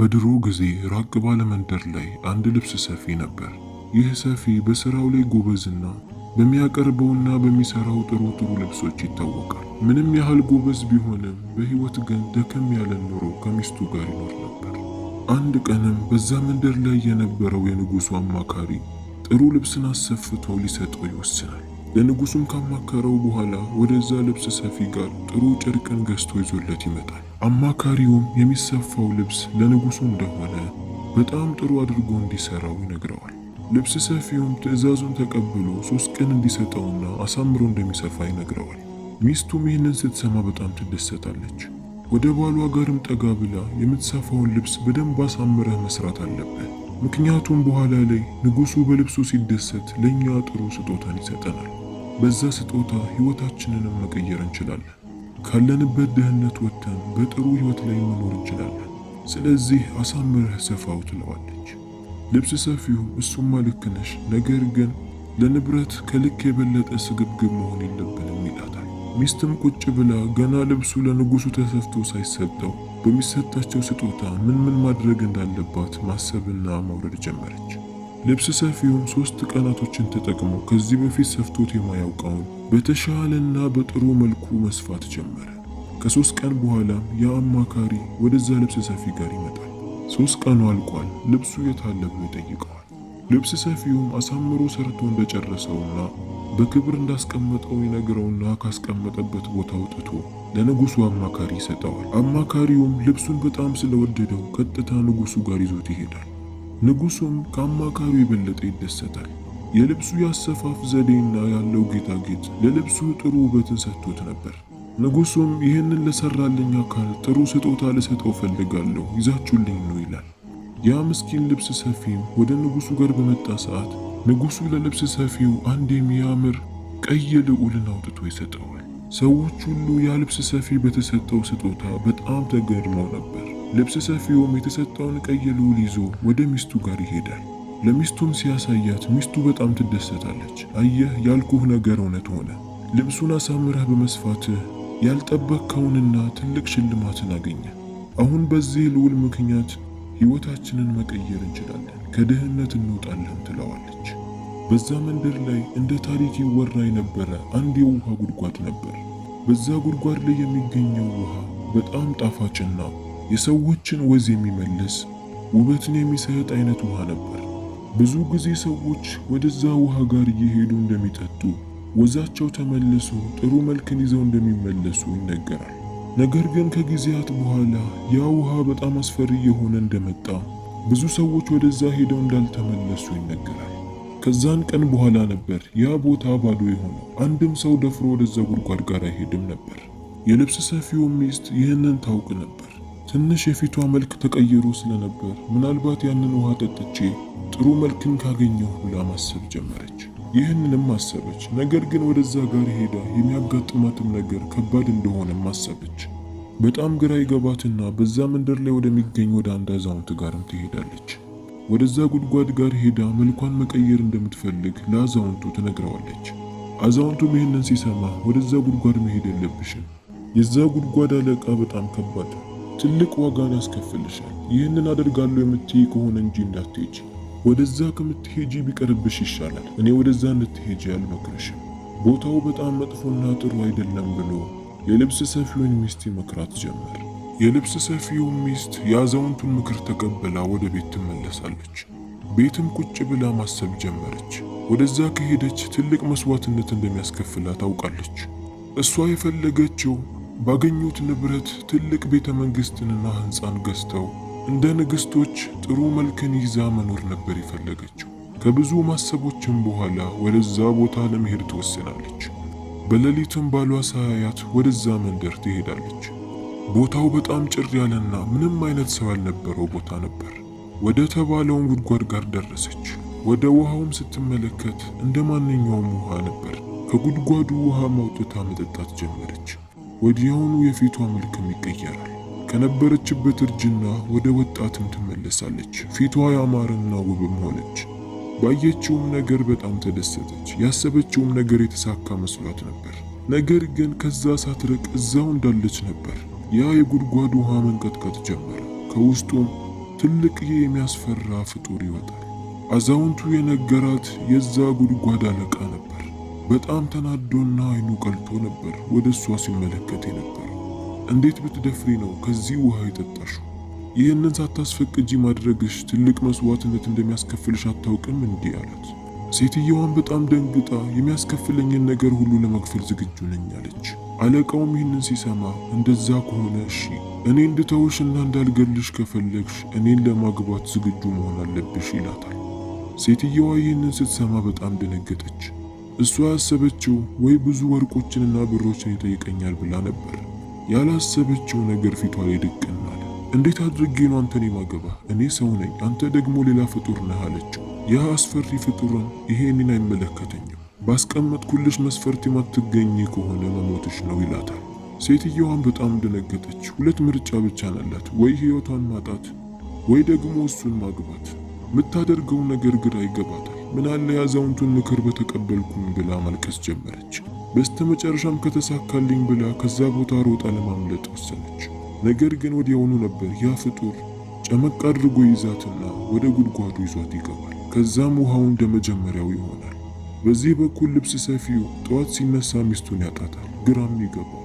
በድሮ ጊዜ ራቅ ባለ መንደር ላይ አንድ ልብስ ሰፊ ነበር። ይህ ሰፊ በስራው ላይ ጎበዝና በሚያቀርበውና በሚሰራው ጥሩ ጥሩ ልብሶች ይታወቃል። ምንም ያህል ጎበዝ ቢሆንም በህይወት ግን ደከም ያለ ኑሮ ከሚስቱ ጋር ይኖር ነበር። አንድ ቀንም በዛ መንደር ላይ የነበረው የንጉሱ አማካሪ ጥሩ ልብስን አሰፍቶ ሊሰጠው ይወስናል። ለንጉሱም ካማከረው በኋላ ወደዛ ልብስ ሰፊ ጋር ጥሩ ጨርቅን ገዝቶ ይዞለት ይመጣል። አማካሪውም የሚሰፋው ልብስ ለንጉሱ እንደሆነ በጣም ጥሩ አድርጎ እንዲሰራው ይነግረዋል። ልብስ ሰፊውም ትዕዛዙን ተቀብሎ ሶስት ቀን እንዲሰጠውና አሳምሮ እንደሚሰፋ ይነግረዋል። ሚስቱም ይህንን ስትሰማ በጣም ትደሰታለች። ወደ ባሏ ጋርም ጠጋ ብላ የምትሰፋውን ልብስ በደንብ አሳምረህ መስራት አለብን። ምክንያቱም በኋላ ላይ ንጉሱ በልብሱ ሲደሰት ለእኛ ጥሩ ስጦታን ይሰጠናል። በዛ ስጦታ ሕይወታችንንም መቀየር እንችላለን ካለንበት ድህነት ወጥተን በጥሩ ህይወት ላይ መኖር እንችላለን። ስለዚህ አሳምረህ ሰፋው ትለዋለች። ልብስ ሰፊውም እሱማ ልክ ነሽ፣ ነገር ግን ለንብረት ከልክ የበለጠ ስግብግብ መሆን የለብንም ይላታል። ሚስትም ቁጭ ብላ ገና ልብሱ ለንጉሱ ተሰፍቶ ሳይሰጠው በሚሰጣቸው ስጦታ ምን ምን ማድረግ እንዳለባት ማሰብና ማውረድ ጀመረች። ልብስ ሰፊውም ሶስት ቀናቶችን ተጠቅሞ ከዚህ በፊት ሰፍቶት የማያውቀውን በተሻለና በጥሩ መልኩ መስፋት ጀመረ። ከሶስት ቀን በኋላም የአማካሪ ወደዛ ልብስ ሰፊ ጋር ይመጣል። ሶስት ቀኑ አልቋል፣ ልብሱ የታለ ብሎ ይጠይቀዋል። ልብስ ሰፊውም አሳምሮ ሰርቶ እንደጨረሰውና በክብር እንዳስቀመጠው ይነግረውና ካስቀመጠበት ቦታ አውጥቶ ለንጉሱ አማካሪ ይሰጠዋል። አማካሪውም ልብሱን በጣም ስለወደደው ቀጥታ ንጉሱ ጋር ይዞት ይሄዳል። ንጉሱም ከአማካሪው የበለጠ ይደሰታል። የልብሱ ያሰፋፍ ዘዴና ያለው ጌጣጌጥ ለልብሱ ጥሩ ውበትን ሰጥቶት ነበር። ንጉሱም ይህንን ለሰራልኝ አካል ጥሩ ስጦታ ልሰጠው ፈልጋለሁ፣ ይዛችሁልኝ ነው ይላል። ያ ምስኪን ልብስ ሰፊም ወደ ንጉሱ ጋር በመጣ ሰዓት ንጉሱ ለልብስ ሰፊው አንድ የሚያምር ቀይ ልዑልን አውጥቶ ይሰጠዋል። ሰዎች ሁሉ ያ ልብስ ሰፊ በተሰጠው ስጦታ በጣም ተገድመው ነበር። ልብስ ሰፊውም የተሰጠውን ቀይ ልውል ይዞ ወደ ሚስቱ ጋር ይሄዳል። ለሚስቱም ሲያሳያት ሚስቱ በጣም ትደሰታለች። አየህ ያልኩህ ነገር እውነት ሆነ። ልብሱን አሳምረህ በመስፋትህ ያልጠበቅከውንና ትልቅ ሽልማትን አገኘ። አሁን በዚህ ልውል ምክንያት ሕይወታችንን መቀየር እንችላለን፣ ከድህነት እንወጣለን ትለዋለች። በዛ መንደር ላይ እንደ ታሪክ ይወራ የነበረ አንድ የውሃ ጉድጓድ ነበር። በዛ ጉድጓድ ላይ የሚገኘው ውሃ በጣም ጣፋጭና የሰዎችን ወዝ የሚመልስ ውበትን የሚሰጥ አይነት ውሃ ነበር። ብዙ ጊዜ ሰዎች ወደዛ ውሃ ጋር እየሄዱ እንደሚጠጡ ወዛቸው ተመልሶ ጥሩ መልክን ይዘው እንደሚመለሱ ይነገራል። ነገር ግን ከጊዜያት በኋላ ያ ውሃ በጣም አስፈሪ የሆነ እንደመጣ ብዙ ሰዎች ወደዛ ሄደው እንዳልተመለሱ ይነገራል። ከዛን ቀን በኋላ ነበር ያ ቦታ ባዶ የሆነው። አንድም ሰው ደፍሮ ወደዛ ጉድጓድ ጋር አይሄድም ነበር። የልብስ ሰፊው ሚስት ይህንን ታውቅ ነበር። ትንሽ የፊቷ መልክ ተቀይሮ ስለነበር ምናልባት ያንን ውሃ ጠጥቼ ጥሩ መልክን ካገኘሁ ብላ ማሰብ ጀመረች። ይህንንም አሰበች። ነገር ግን ወደዛ ጋር ሄዳ የሚያጋጥማትም ነገር ከባድ እንደሆነም አሰበች። በጣም ግራ ይገባትና በዛ መንደር ላይ ወደሚገኝ ወደ አንድ አዛውንት ጋርም ትሄዳለች። ወደዛ ጉድጓድ ጋር ሄዳ መልኳን መቀየር እንደምትፈልግ ለአዛውንቱ ትነግረዋለች። አዛውንቱም ይህንን ሲሰማ ወደዛ ጉድጓድ መሄድ የለብሽም፣ የዛ ጉድጓድ አለቃ በጣም ከባድ ትልቅ ዋጋን ያስከፍልሻል። ይህንን አደርጋለሁ የምትይ ከሆነ እንጂ እንዳትሄጂ። ወደዛ ከምትሄጂ ቢቀርብሽ ይሻላል። እኔ ወደዛ እንድትሄጂ አልመክርሽም። ቦታው በጣም መጥፎና ጥሩ አይደለም ብሎ የልብስ ሰፊውን ሚስት መክራት ጀመር። የልብስ ሰፊው ሚስት የአዛውንቱን ምክር ተቀብላ ወደ ቤት ትመለሳለች። ቤትም ቁጭ ብላ ማሰብ ጀመረች። ወደዛ ከሄደች ትልቅ መስዋዕትነት እንደሚያስከፍላ ታውቃለች። እሷ የፈለገችው ባገኙት ንብረት ትልቅ ቤተ መንግሥትንና ሕንፃን ገዝተው እንደ ንግሥቶች ጥሩ መልክን ይዛ መኖር ነበር የፈለገችው። ከብዙ ማሰቦችም በኋላ ወደዛ ቦታ ለመሄድ ትወስናለች። በሌሊትም ባሏ ሳያያት ወደዛ መንደር ትሄዳለች። ቦታው በጣም ጭር ያለና ምንም አይነት ሰው ያልነበረው ቦታ ነበር። ወደ ተባለውን ጉድጓድ ጋር ደረሰች። ወደ ውሃውም ስትመለከት እንደ ማንኛውም ውሃ ነበር። ከጉድጓዱ ውሃ ማውጥታ መጠጣት ጀመረች። ወዲያውኑ የፊቷ መልክም ይቀየራል። ከነበረችበት እርጅና ወደ ወጣትም ትመለሳለች። ፊቷ ያማረና ውብም ሆነች። ባየችውም ነገር በጣም ተደሰተች። ያሰበችውም ነገር የተሳካ መስሏት ነበር። ነገር ግን ከዛ ሳትርቅ እዛው እንዳለች ነበር። ያ የጉድጓድ ውሃ መንቀጥቀጥ ጀመረ። ከውስጡም ትልቅ የሚያስፈራ ፍጡር ይወጣል። አዛውንቱ የነገራት የዛ ጉድጓድ አለቃ ነበር። በጣም ተናዶና አይኑ ቀልቶ ነበር ወደ እሷ ሲመለከት ነበር። እንዴት ብትደፍሪ ነው ከዚህ ውሃ የጠጣሽው? ይህንን ሳታስፈቅጂ ማድረግሽ ትልቅ መስዋዕትነት እንደሚያስከፍልሽ አታውቅም? እንዲህ አላት። ሴትየዋን በጣም ደንግጣ የሚያስከፍለኝን ነገር ሁሉ ለመክፈል ዝግጁ ነኝ አለች። አለቃውም ይህንን ሲሰማ እንደዛ ከሆነ እሺ፣ እኔ እንድተውሽ እና እንዳልገልሽ ከፈለግሽ እኔን ለማግባት ዝግጁ መሆን አለብሽ ይላታል። ሴትየዋ ይህንን ስትሰማ በጣም ደነገጠች። እሷ ያሰበችው ወይ ብዙ ወርቆችንና ብሮችን ይጠይቀኛል ብላ ነበር። ያላሰበችው ነገር ፊቷ ላይ ድቅን አለ። እንዴት አድርጌ ነው አንተን የማገባ? እኔ ሰው ነኝ፣ አንተ ደግሞ ሌላ ፍጡር ነህ አለችው። ያ አስፈሪ ፍጡርን ይሄንን አይመለከተኝም፣ ባስቀመጥኩልሽ መስፈርት የማትገኝ ከሆነ መሞትሽ ነው ይላታል። ሴትየዋን በጣም ደነገጠች። ሁለት ምርጫ ብቻ ናላት፣ ወይ ህይወቷን ማጣት ወይ ደግሞ እሱን ማግባት። የምታደርገው ነገር ግራ ይገባታል። ምናለ ያዛውንቱን ምክር በተቀበልኩም ብላ ማልቀስ ጀመረች። በስተመጨረሻም ከተሳካልኝ ብላ ከዛ ቦታ ሮጣ ለማምለጥ ወሰነች። ነገር ግን ወዲያውኑ ነበር ያ ፍጡር ጨመቅ አድርጎ ይዛትና ወደ ጉድጓዱ ይዟት ይገባል። ከዛም ውሃው እንደ መጀመሪያው ይሆናል። በዚህ በኩል ልብስ ሰፊው ጠዋት ሲነሳ ሚስቱን ያጣታል፣ ግራም ይገባል።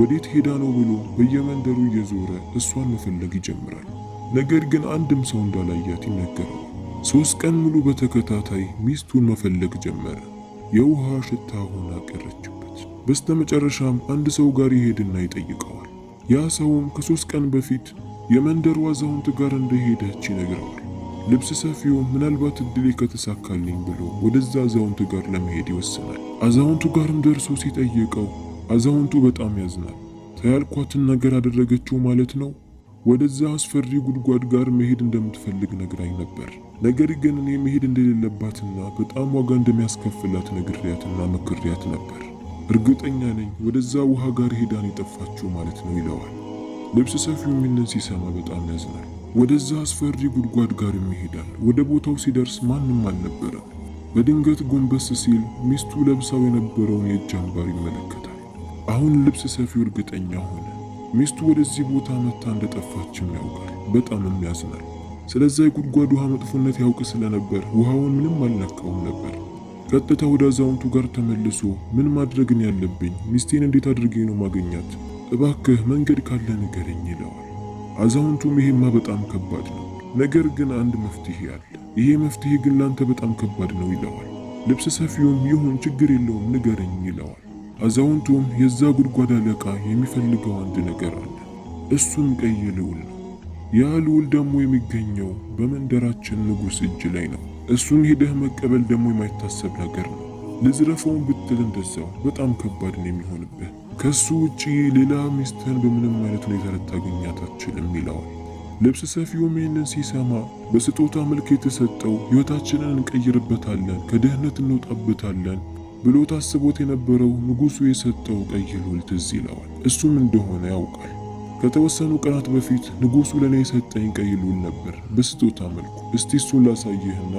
ወዴት ሄዳ ነው ብሎ በየመንደሩ እየዞረ እሷን መፈለግ ይጀምራል። ነገር ግን አንድም ሰው እንዳላያት ይነገራል። ሶስት ቀን ሙሉ በተከታታይ ሚስቱን መፈለግ ጀመረ። የውሃ ሽታ ሆና ቀረችበት። በስተመጨረሻም አንድ ሰው ጋር ይሄድና ይጠይቀዋል። ያ ሰውም ከሶስት ቀን በፊት የመንደሩ አዛውንት ጋር እንደሄደች ይነግረዋል። ልብስ ሰፊው ምናልባት እድሌ ከተሳካልኝ ብሎ ወደዛ አዛውንት ጋር ለመሄድ ይወስናል። አዛውንቱ ጋርም ደርሶ ሲጠይቀው አዛውንቱ በጣም ያዝናል። ተያልኳትን ነገር አደረገችው ማለት ነው ወደዛ አስፈሪ ጉድጓድ ጋር መሄድ እንደምትፈልግ ነግራኝ ነበር። ነገር ግን እኔ መሄድ እንደሌለባትና በጣም ዋጋ እንደሚያስከፍላት ነግሬያትና መክሬያት ነበር። እርግጠኛ ነኝ ወደዛ ውሃ ጋር ሄዳን የጠፋችው ማለት ነው ይለዋል። ልብስ ሰፊው ይህንን ሲሰማ በጣም ያዝናል። ወደዛ አስፈሪ ጉድጓድ ጋር ይሄዳል። ወደ ቦታው ሲደርስ ማንም አልነበረም። በድንገት ጎንበስ ሲል ሚስቱ ለብሳው የነበረውን የእጅ አምባር ይመለከታል። አሁን ልብስ ሰፊው እርግጠኛ ሆነ። ሚስቱ ወደዚህ ቦታ መታ እንደጠፋችም ያውቃል። በጣምም ያዝናል። ስለዛ የጉድጓድ ውሃ መጥፎነት ያውቅ ስለነበር ውሃውን ምንም አልነካውም ነበር። ቀጥታ ወደ አዛውንቱ ጋር ተመልሶ ምን ማድረግን ያለብኝ ሚስቴን እንዴት አድርጌ ነው ማገኛት? እባክህ መንገድ ካለ ንገረኝ ይለዋል። አዛውንቱም ይሄማ በጣም ከባድ ነው፣ ነገር ግን አንድ መፍትሄ አለ። ይሄ መፍትሄ ግን ላንተ በጣም ከባድ ነው ይለዋል። ልብስ ሰፊውም ይሁን ችግር የለውም ንገረኝ ይለዋል። አዛውንቱም የዛ ጉድጓድ አለቃ የሚፈልገው አንድ ነገር አለ። እሱም ቀይ ልዑል ነው። ያ ልዑል ደግሞ የሚገኘው በመንደራችን ንጉሥ እጅ ላይ ነው። እሱን ሄደህ መቀበል ደግሞ የማይታሰብ ነገር ነው። ልዝረፈውን ብትል እንደዛው በጣም ከባድ ነው የሚሆንብህ። ከሱ ውጪ ሌላ ሚስትህን በምንም አይነት ሁኔታ ልታገኛት አትችልም ይለዋል። ልብስ ሰፊውም ይህንን ሲሰማ በስጦታ መልክ የተሰጠው ሕይወታችንን እንቀይርበታለን፣ ከድህነት እንወጣበታለን ብሎ ታስቦት የነበረው ንጉሱ የሰጠው ቀይ ሉል ትዝ ይለዋል። እሱም እንደሆነ ያውቃል። ከተወሰኑ ቀናት በፊት ንጉሱ ለእኔ የሰጠኝ ቀይ ሉል ነበር በስጦታ መልኩ። እስቲ እሱን ላሳየህና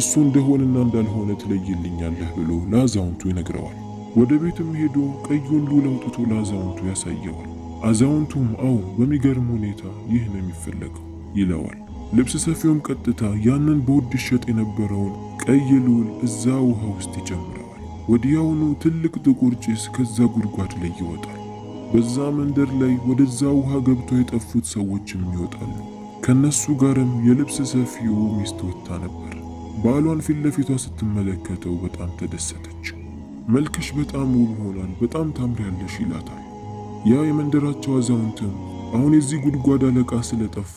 እሱ እንደሆነና እንዳልሆነ ትለይልኛለህ ብሎ ለአዛውንቱ ይነግረዋል። ወደ ቤትም ሄዶ ቀዩን ሉል አውጥቶ ለአዛውንቱ ያሳየዋል። አዛውንቱም አዎ፣ በሚገርም ሁኔታ ይህ ነው የሚፈለገው ይለዋል። ልብስ ሰፊውም ቀጥታ ያንን በውድ ይሸጥ የነበረውን ቀይ ሉል እዛ ውሃ ውስጥ ይጨምራል። ወዲያውኑ ትልቅ ጥቁር ጭስ ከዛ ጉድጓድ ላይ ይወጣል። በዛ መንደር ላይ ወደዛ ውሃ ገብተው የጠፉት ሰዎችም ይወጣሉ። ከነሱ ጋርም የልብስ ሰፊው ሚስት ወጥታ ነበር። ባሏን ፊት ለፊቷ ስትመለከተው በጣም ተደሰተች። መልክሽ በጣም ውብ ሆኗል በጣም ታምሪያለሽ ይላታል። ያ የመንደራቸው አዛውንትም አሁን የዚህ ጉድጓድ አለቃ ስለጠፋ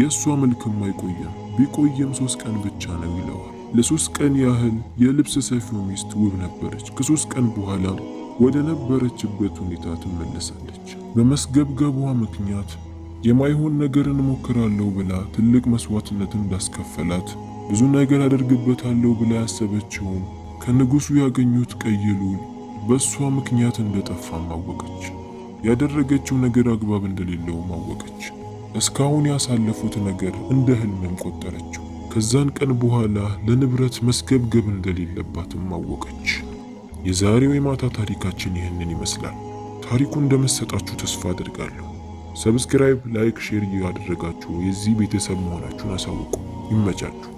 የእሷ መልክም አይቆየም፣ ቢቆየም ሶስት ቀን ብቻ ነው ይለዋል። ለሶስት ቀን ያህል የልብስ ሰፊው ሚስት ውብ ነበረች። ከሶስት ቀን በኋላ ወደ ነበረችበት ሁኔታ ትመለሳለች። በመስገብገቧ ምክንያት የማይሆን ነገርን እሞክራለሁ ብላ ትልቅ መስዋዕትነት እንዳስከፈላት ብዙ ነገር አደርግበታለሁ ብላ ያሰበችውን ከንጉሱ ያገኙት ቀይ በእሷ ምክንያት እንደጠፋ ማወቀች። ያደረገችው ነገር አግባብ እንደሌለው ማወቀች። እስካሁን ያሳለፉት ነገር እንደ ህልምም ቆጠረችው። ከዛን ቀን በኋላ ለንብረት መስገብገብ እንደሌለባትም አወቀች። የዛሬው የማታ ታሪካችን ይህንን ይመስላል። ታሪኩ እንደመሰጣችሁ ተስፋ አድርጋለሁ። ሰብስክራይብ፣ ላይክ፣ ሼር እያደረጋችሁ የዚህ ቤተሰብ መሆናችሁን አሳውቁ። ይመቻችሁ።